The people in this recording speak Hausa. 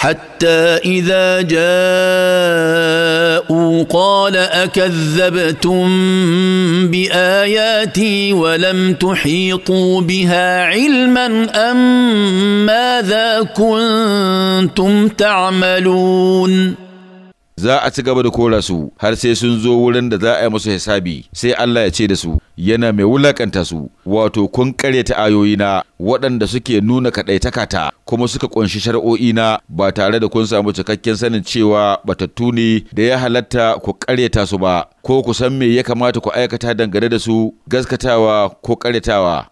حتى اذا جاءوا قال اكذبتم باياتي ولم تحيطوا بها علما ام ماذا كنتم تعملون za a ci gaba da kora su har sai sun zo wurin da za a yi musu hisabi sai Allah ya ce da su yana mai wulakanta su wato kun karyata na waɗanda suke nuna kaɗaitaka ta kuma suka ƙunshi na ba tare da kun samu cikakken sanin cewa batattu ne da ya halatta ku karyata su ba ko ku san me ya kamata ku aikata dangane da su gaskatawa ko karyatawa